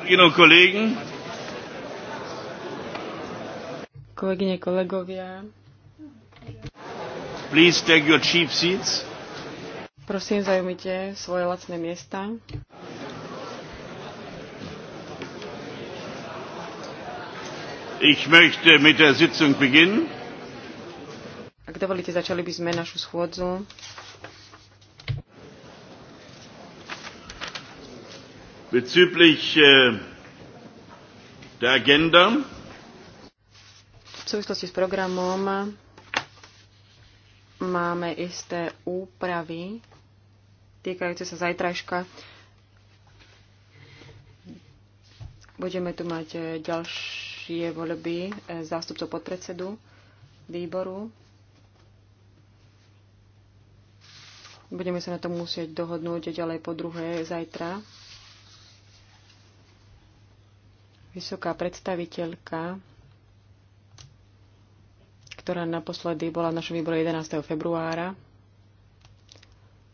Kolleginnen und Kolegyne, kolegovia. Please take your cheap seats. Prosím, zajmite svoje lacné miesta. Ich möchte mit der Sitzung beginnen. Ak dovolíte, začali by sme našu schôdzu. Bezüglich äh, der Agenda. V súvislosti s programom máme isté úpravy týkajúce sa zajtrajška. Budeme tu mať e, ďalšie voľby e, zástupcov podpredsedu výboru. Budeme sa na tom musieť dohodnúť ďalej po druhé zajtra Vysoká predstaviteľka, ktorá naposledy bola v našom výboru 11. februára,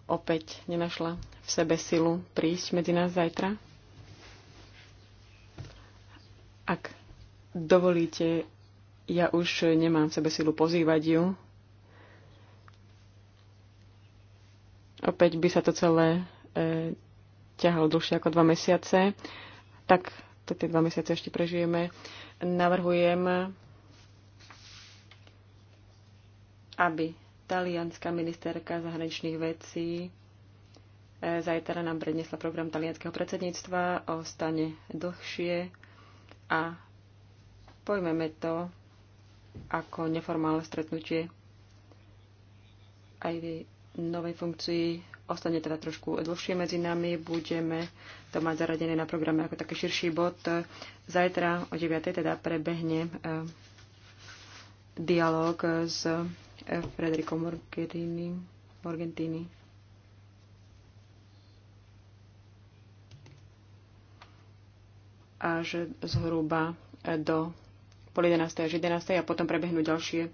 opäť nenašla v sebe silu prísť medzi nás zajtra. Ak dovolíte, ja už nemám v sebe silu pozývať ju. Opäť by sa to celé e, ťahalo dlhšie ako dva mesiace. Tak tie dva mesiace ešte prežijeme, navrhujem, aby talianská ministerka zahraničných vecí e, zajtra nám prednesla program talianského predsedníctva, stane dlhšie a pojmeme to ako neformálne stretnutie aj v novej funkcii ostane teda trošku dlhšie medzi nami. Budeme to mať zaradené na programe ako taký širší bod. Zajtra o 9. teda prebehne e, dialog s e, Frederico Morgherini. Morgentini. Až zhruba e, do pol 11. až 11. a potom prebehnú ďalšie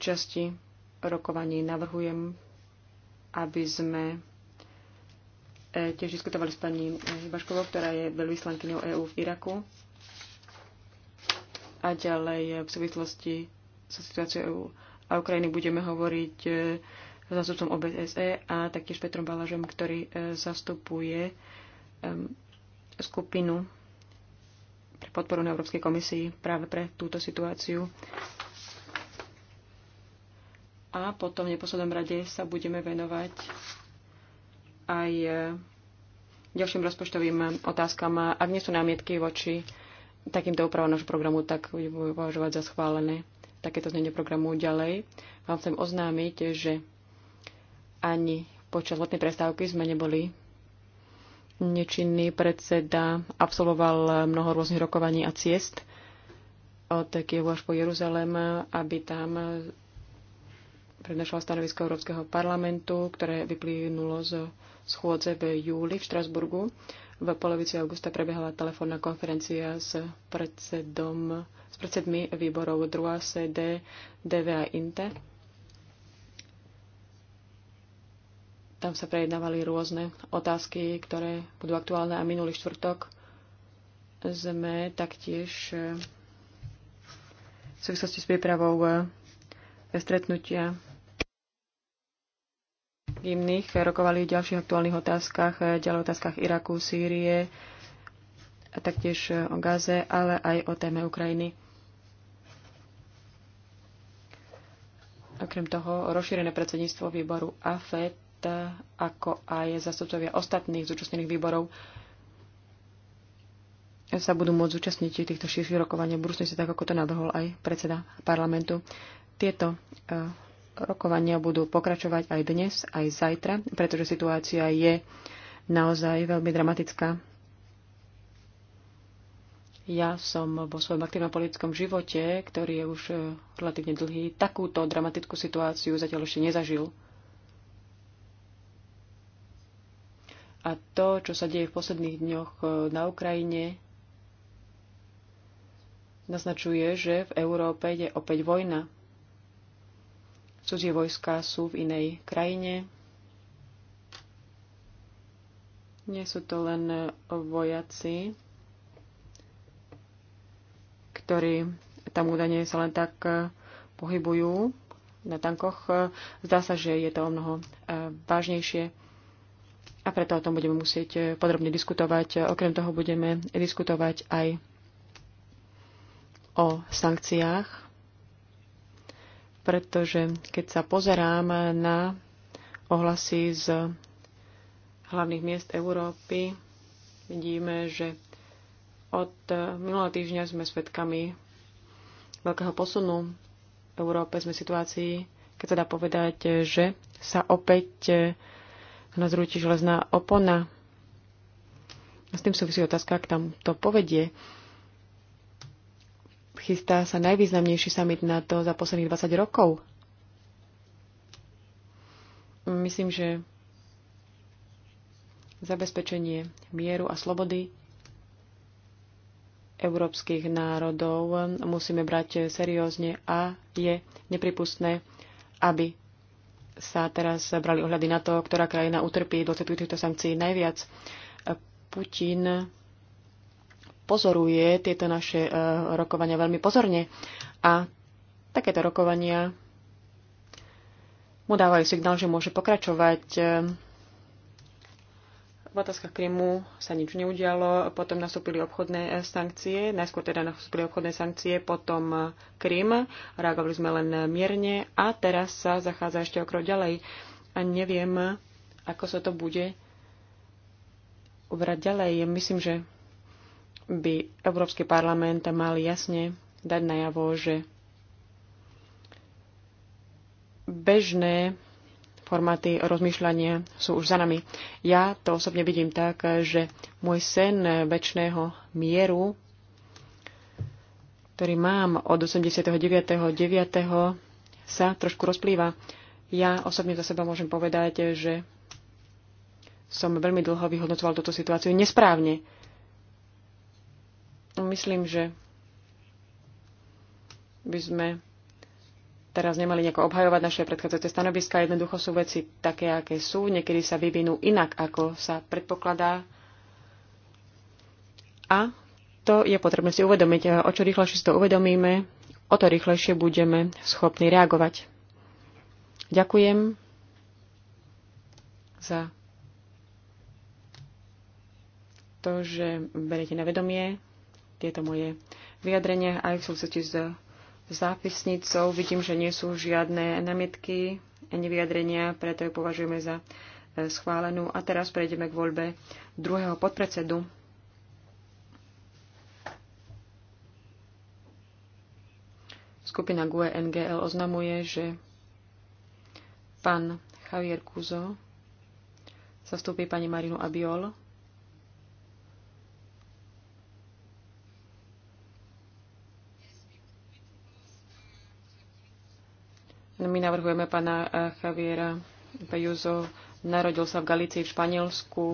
časti rokovaní. Navrhujem aby sme e, tiež diskutovali s pani e, Baškovou, ktorá je veľvyslankyňou EÚ v Iraku a ďalej e, v súvislosti so situáciou EÚ a Ukrajiny budeme hovoriť s zastupcom OBSE a taktiež Petrom Balažom, ktorý zastupuje skupinu pre podporu na Európskej komisii práve pre túto situáciu a potom v neposlednom rade sa budeme venovať aj e, ďalším rozpočtovým otázkam. Ak nie sú námietky voči takýmto úpravom nášho programu, tak budeme považovať za schválené takéto znenie programu ďalej. Vám chcem oznámiť, že ani počas letnej prestávky sme neboli nečinný predseda absolvoval mnoho rôznych rokovaní a ciest od Kievu až po Jeruzalém, aby tam prednášala stanovisko Európskeho parlamentu, ktoré vyplynulo z schôdze v júli v Štrasburgu. V polovici augusta prebehla telefónna konferencia s, predsedom, s predsedmi výborov 2 CD, DV a INTE. Tam sa prejednávali rôzne otázky, ktoré budú aktuálne a minulý štvrtok sme taktiež e, v súvislosti s prípravou e, stretnutia iných rokovali v ďalších aktuálnych otázkach, ďalej otázkach Iraku, Sýrie, a taktiež o Gaze, ale aj o téme Ukrajiny. Okrem toho, rozšírené predsedníctvo výboru AFET, ako aj zastupcovia ostatných zúčastnených výborov, sa budú môcť zúčastniť týchto širších rokovaní v budúcnosti, tak ako to navrhol aj predseda parlamentu. Tieto eh, Rokovania budú pokračovať aj dnes, aj zajtra, pretože situácia je naozaj veľmi dramatická. Ja som vo svojom aktívnom politickom živote, ktorý je už e, relatívne dlhý, takúto dramatickú situáciu zatiaľ ešte nezažil. A to, čo sa deje v posledných dňoch e, na Ukrajine, naznačuje, že v Európe je opäť vojna cudzie vojska sú v inej krajine. Nie sú to len vojaci, ktorí tam údajne sa len tak e, pohybujú na tankoch. Zdá sa, že je to o mnoho e, vážnejšie a preto o tom budeme musieť e, podrobne diskutovať. Okrem toho budeme diskutovať aj o sankciách pretože keď sa pozerám na ohlasy z hlavných miest Európy, vidíme, že od minulého týždňa sme svedkami veľkého posunu v Európe. Sme v situácii, keď sa dá povedať, že sa opäť zrúti železná opona. A s tým súvisí otázka, ak tam to povedie. Chystá sa najvýznamnejší summit to za posledných 20 rokov. Myslím, že zabezpečenie mieru a slobody európskych národov musíme brať seriózne a je nepripustné, aby sa teraz brali ohľady na to, ktorá krajina utrpí dôsledky týchto sankcií najviac. Putin pozoruje tieto naše e, rokovania veľmi pozorne a takéto rokovania mu dávajú signál, že môže pokračovať. E, v otázkach Krymu sa nič neudialo, potom nastúpili obchodné e, sankcie, najskôr teda nastúpili obchodné sankcie, potom Krym, reagovali sme len mierne a teraz sa zachádza ešte o krok ďalej. A neviem, ako sa to bude ubrať ďalej. Myslím, že by Európsky parlament mal jasne dať najavo, že bežné formáty rozmýšľania sú už za nami. Ja to osobne vidím tak, že môj sen väčšného mieru, ktorý mám od 89.9., sa trošku rozplýva. Ja osobne za seba môžem povedať, že som veľmi dlho vyhodnocoval túto situáciu nesprávne. No, myslím, že by sme teraz nemali nejako obhajovať naše predchádzajúce stanoviska. Jednoducho sú veci také, aké sú. Niekedy sa vyvinú inak, ako sa predpokladá. A to je potrebné si uvedomiť. O čo rýchlejšie si to uvedomíme, o to rýchlejšie budeme schopní reagovať. Ďakujem za to, že beriete na vedomie tieto moje vyjadrenia aj v súvislosti s zápisnicou. Vidím, že nie sú žiadne namietky ani vyjadrenia, preto ju považujeme za e, schválenú. A teraz prejdeme k voľbe druhého podpredsedu. Skupina GUE NGL oznamuje, že pán Javier Kuzo zastúpi pani Marinu Abiol My navrhujeme pána eh, Javiera Pejuzo. Narodil sa v Galícii v Španielsku.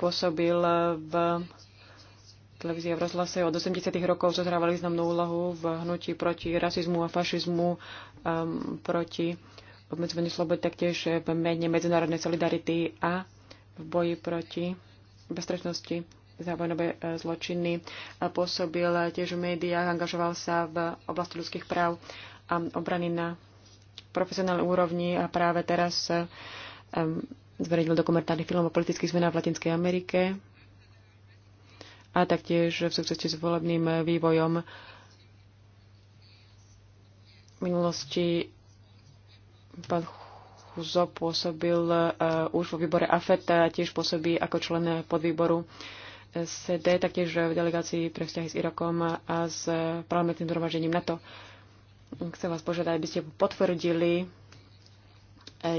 Pôsobil eh, v televízii v rozhlase. Od 80. rokov zohrával významnú úlohu v hnutí proti rasizmu a fašizmu, um, proti obmedzovaniu slobody, taktiež v mene medzinárodnej solidarity a v boji proti beztrestnosti za vojnové e, zločiny, e, pôsobil tiež v médiách, angažoval sa v oblasti ľudských práv a obrany na profesionálnej úrovni a práve teraz e, zverejnil dokumentárny film o politických zmenách v Latinskej Amerike a taktiež v súvislosti s volebným vývojom v minulosti pán Chuzo pôsobil už vo výbore AFET a tiež pôsobí ako člen podvýboru SED, taktiež v delegácii pre vzťahy s Irakom a s parlamentným zhromažením NATO. Chcem vás požiadať, aby ste potvrdili eh,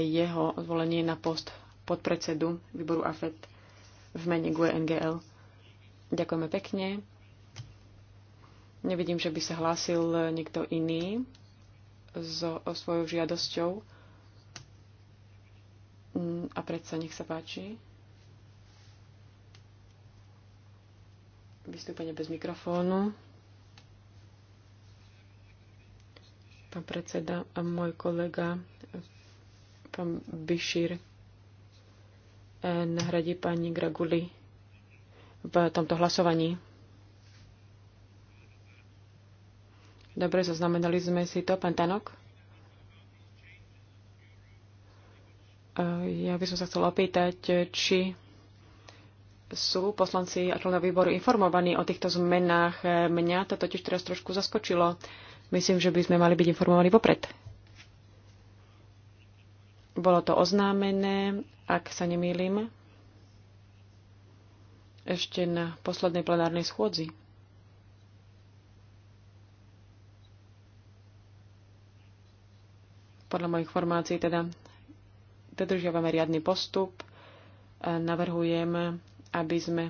jeho zvolenie na post podpredsedu výboru AFET v mene GUE NGL. Ďakujeme pekne. Nevidím, že by sa hlásil niekto iný so svojou žiadosťou. Mm, a predsa nech sa páči. Vystúpenie bez mikrofónu. Pán predseda a môj kolega, pán Bišír, nahradí pani Graguli v tomto hlasovaní. Dobre, zaznamenali sme si to, pán Tanok. Ja by som sa chcela opýtať, či sú poslanci a členov výboru informovaní o týchto zmenách. Mňa to totiž teraz trošku zaskočilo. Myslím, že by sme mali byť informovaní vopred. Bolo to oznámené, ak sa nemýlim, ešte na poslednej plenárnej schôdzi. Podľa mojich informácií teda dodržiavame riadny postup. Navrhujem aby sme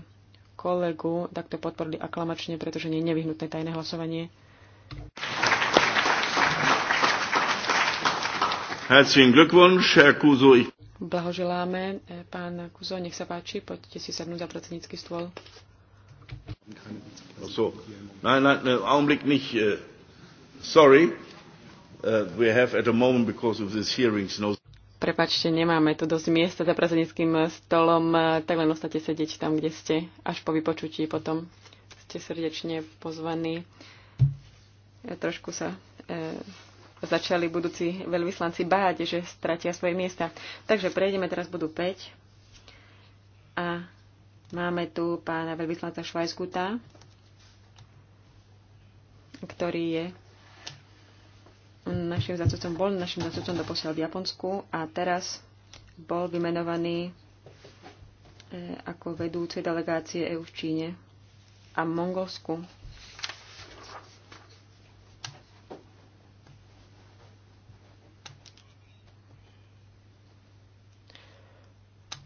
kolegu takto podporili aklamačne, pretože nie je nevyhnutné tajné hlasovanie. Blahoželáme, e, pán Kuzo, nech sa páči, poďte si sadnúť za predsednícky stôl. so. Nein, nein, ne, Augenblick nicht. Äh, sorry. Uh, we have at the moment, because of this hearings, no... Prepačte, nemáme tu dosť miesta za prezidentským stolom, eh, tak len ostate sedieť tam, kde ste, až po vypočutí potom. Ste srdečne pozvaní. Ja trošku sa e, začali budúci veľvyslanci báť, že stratia svoje miesta. Takže prejdeme, teraz budú 5. A máme tu pána veľvyslanca Švajskuta, ktorý je našim zástupcom, bol našim zástupcom doposiaľ v Japonsku a teraz bol vymenovaný e, ako vedúcej delegácie EU v Číne a Mongolsku.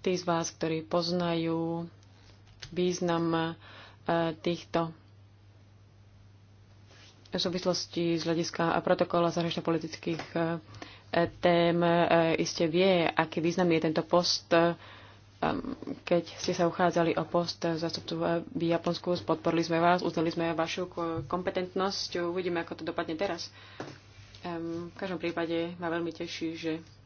Tí z vás, ktorí poznajú význam e, týchto v súvislosti z hľadiska protokola zahranično-politických e, tém e, iste vie, aký významný je tento post, e, keď ste sa uchádzali o post zastupcu v Japonsku, podporili sme vás, uznali sme vašu kompetentnosť, uvidíme, ako to dopadne teraz. V každom prípade ma veľmi teší, že